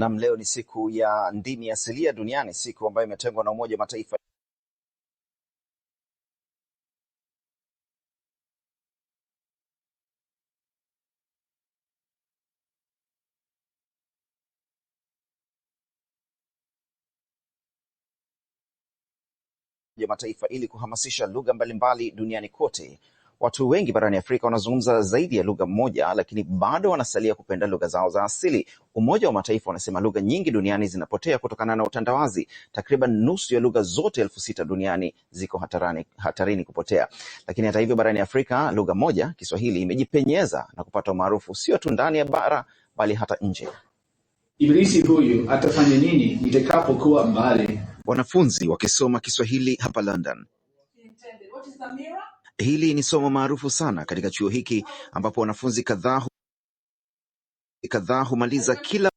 Nam, leo ni siku ya ndimi asilia duniani, siku ambayo imetengwa na Umoja wa Mataifa Mataifa ili kuhamasisha lugha mbalimbali duniani kote. Watu wengi barani Afrika wanazungumza zaidi ya lugha moja, lakini bado wanasalia kupenda lugha zao za asili. Umoja wa Mataifa unasema lugha nyingi duniani zinapotea kutokana na utandawazi. Takriban nusu ya lugha zote elfu sita duniani ziko hatarani, hatarini kupotea. Lakini hata hivyo, barani Afrika lugha moja, Kiswahili, imejipenyeza na kupata umaarufu sio tu ndani ya bara bali hata nje. Ibilisi huyu atafanya nini itakapokuwa mbali? Wanafunzi wakisoma Kiswahili hapa London. Hili ni somo maarufu sana katika chuo hiki ambapo wanafunzi kadhaa humaliza kila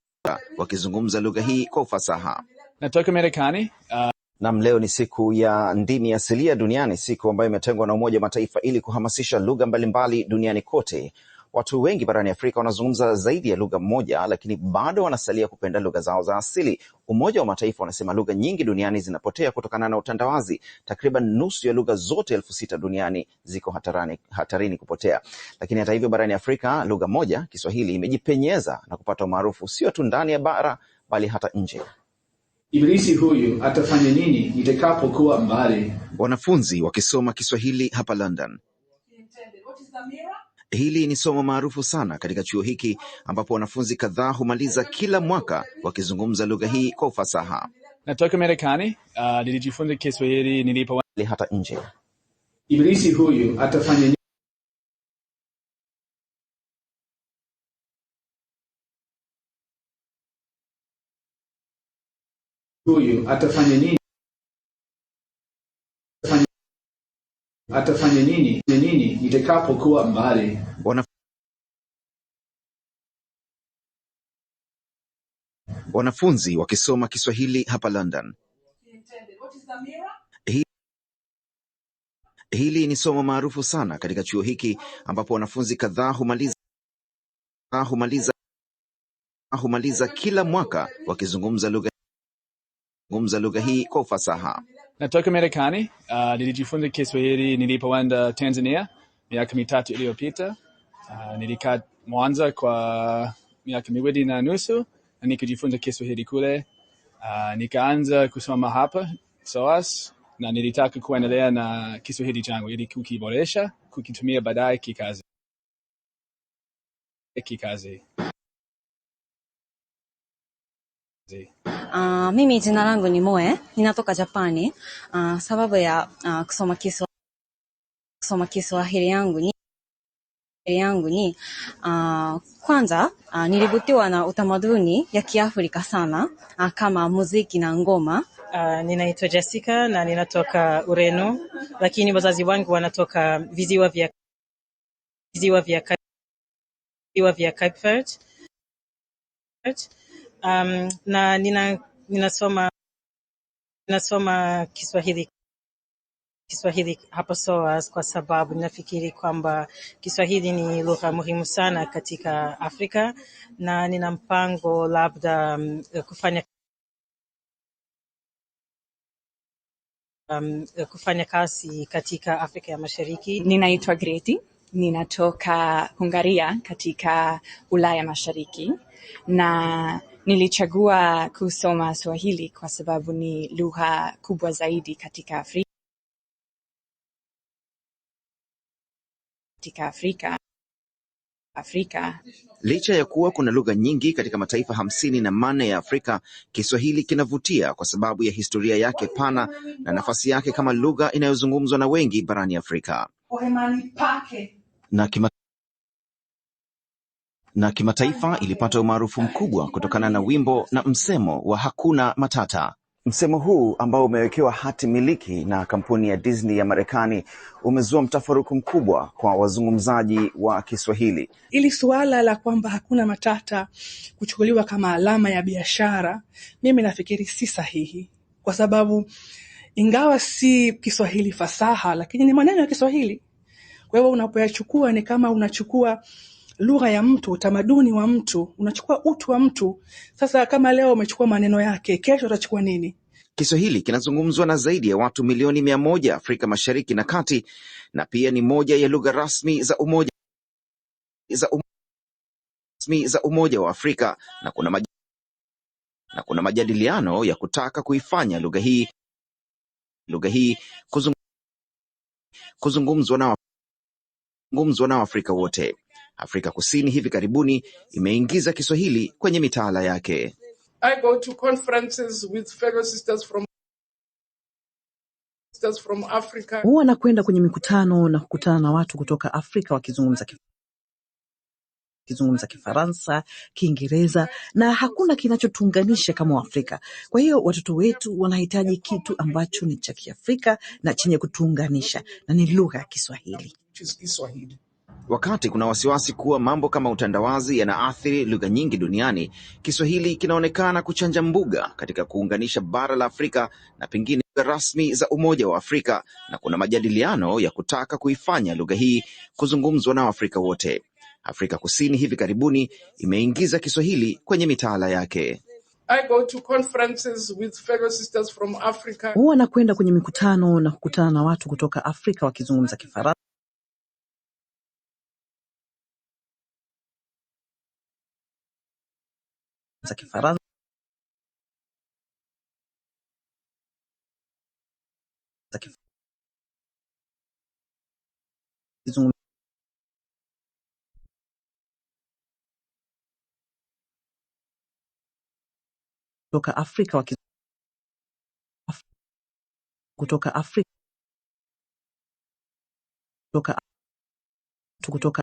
wakizungumza lugha hii kwa ufasaha. Natoka Marekani. Uh, Nam, leo ni siku ya ndimi asilia duniani, siku ambayo imetengwa na Umoja wa Mataifa ili kuhamasisha lugha mbalimbali duniani kote. Watu wengi barani Afrika wanazungumza zaidi ya lugha moja, lakini bado wanasalia kupenda lugha zao za asili. Umoja wa Mataifa unasema lugha nyingi duniani zinapotea kutokana na utandawazi. Takriban nusu ya lugha zote elfu sita duniani ziko hatarani, hatarini kupotea. Lakini hata hivyo, barani Afrika lugha moja, Kiswahili, imejipenyeza na kupata umaarufu sio tu ndani ya bara bali hata nje. Ibilisi huyu atafanya nini nitakapokuwa mbali? Wanafunzi wakisoma Kiswahili hapa London. Hili ni somo maarufu sana katika chuo hiki ambapo wanafunzi kadhaa humaliza kila mwaka wakizungumza lugha hii kwa ufasaha. Natoka Marekani, uh, nilijifunza Kiswahili nilipo hata nje. Ibilisi huyu atafanya huyu atafanya nini? atafanya nini nini nitakapokuwa mbali wanafunzi wakisoma Kiswahili hapa London. Hili ni somo maarufu sana katika chuo hiki ambapo wanafunzi kadhaa humaliza, humaliza, humaliza kila mwaka wakizungumza lugha hii kwa ufasaha. Natoka Marekani. Uh, nilijifunza Kiswahili nilipoenda Tanzania miaka mitatu iliyopita. Uh, nilikaa Mwanza kwa miaka miwili na nusu na nikajifunza Kiswahili kule. Uh, nikaanza kusoma hapa SOAS na nilitaka kuendelea na Kiswahili changu ili kukiboresha, kukitumia baadaye kikazi kikazi mimi jina langu ni Moe, ninatoka Japani. Uh, sababu ya uh, kusoma Kiswahili kusoma Kiswahili yangu ni yangu ni uh, kwanza uh, nilivutiwa na utamaduni ya Kiafrika sana uh, kama muziki na ngoma. Uh, ninaitwa Jessica na ninatoka Ureno, lakini wazazi wangu wanatoka visiwa vya visiwa vya visiwa vya Cape Verde Um, na nina, ninasoma, ninasoma Kiswahili Kiswahili hapo SOAS kwa sababu ninafikiri kwamba Kiswahili ni lugha muhimu sana katika Afrika na nina mpango labda um, kufanya um, kufanya kazi katika Afrika ya Mashariki. Ninaitwa Greti, ninatoka Hungaria katika Ulaya Mashariki na Nilichagua kusoma Swahili kwa sababu ni lugha kubwa zaidi katika Afrika. afrika Licha ya kuwa kuna lugha nyingi katika mataifa hamsini na manne ya Afrika, Kiswahili kinavutia kwa sababu ya historia yake pana na nafasi yake kama lugha inayozungumzwa na wengi barani Afrika na kimataifa na kimataifa ilipata umaarufu mkubwa kutokana na wimbo na msemo wa hakuna matata. Msemo huu ambao umewekewa hati miliki na kampuni ya Disney ya Marekani umezua mtafaruku mkubwa kwa wazungumzaji wa Kiswahili. Ili suala la kwamba hakuna matata kuchukuliwa kama alama ya biashara, mimi nafikiri si sahihi, kwa sababu ingawa si Kiswahili fasaha, lakini ni maneno ya Kiswahili. Kwa hivyo unapoyachukua ni kama unachukua lugha ya mtu, utamaduni wa mtu, unachukua utu wa mtu. Sasa kama leo umechukua maneno yake, kesho utachukua nini? Kiswahili kinazungumzwa na zaidi ya watu milioni mia moja Afrika Mashariki na Kati, na pia ni moja ya lugha rasmi za umoja za umoja rasmi za Umoja wa Afrika na kuna maj... na kuna majadiliano ya kutaka kuifanya lugha hii lugha hii kuzungumzwa na wafrika kuzungumzwa na Waafrika wote. Afrika Kusini hivi karibuni imeingiza Kiswahili kwenye mitaala yake. I go to conferences with fellow sisters from from Africa. Huwa nakwenda kwenye mikutano na kukutana na watu kutoka Afrika wakizungumza kizungumza Kifaransa, Kiingereza na hakuna kinachotuunganisha kama Waafrika. Kwa hiyo watoto wetu wanahitaji kitu ambacho ni cha Kiafrika na chenye kutuunganisha na ni lugha ya Kiswahili. Wakati kuna wasiwasi kuwa mambo kama utandawazi yanaathiri lugha nyingi duniani, Kiswahili kinaonekana kuchanja mbuga katika kuunganisha bara la Afrika na pengine lugha rasmi za Umoja wa Afrika, na kuna majadiliano ya kutaka kuifanya lugha hii kuzungumzwa na Waafrika wote. Afrika Kusini hivi karibuni imeingiza Kiswahili kwenye mitaala yake. Huwa nakwenda kwenye mikutano na kukutana na watu kutoka Afrika wakizungumza Kifaransa. kifaransa kutoka Afrika wa kutoka Afrika kutoka kutoka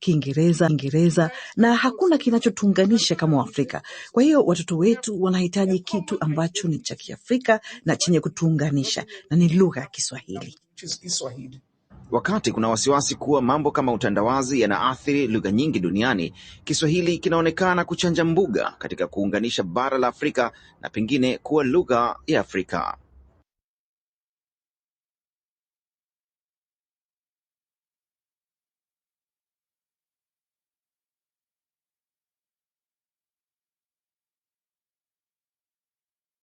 Kiingereza, Kiingereza na hakuna kinachotuunganisha kama Waafrika. Kwa hiyo watoto wetu wanahitaji kitu ambacho ni cha Kiafrika na chenye kutuunganisha na ni lugha ya Kiswahili. Kiswahili. Wakati kuna wasiwasi kuwa mambo kama utandawazi yanaathiri lugha nyingi duniani, Kiswahili kinaonekana kuchanja mbuga katika kuunganisha bara la Afrika na pengine kuwa lugha ya Afrika.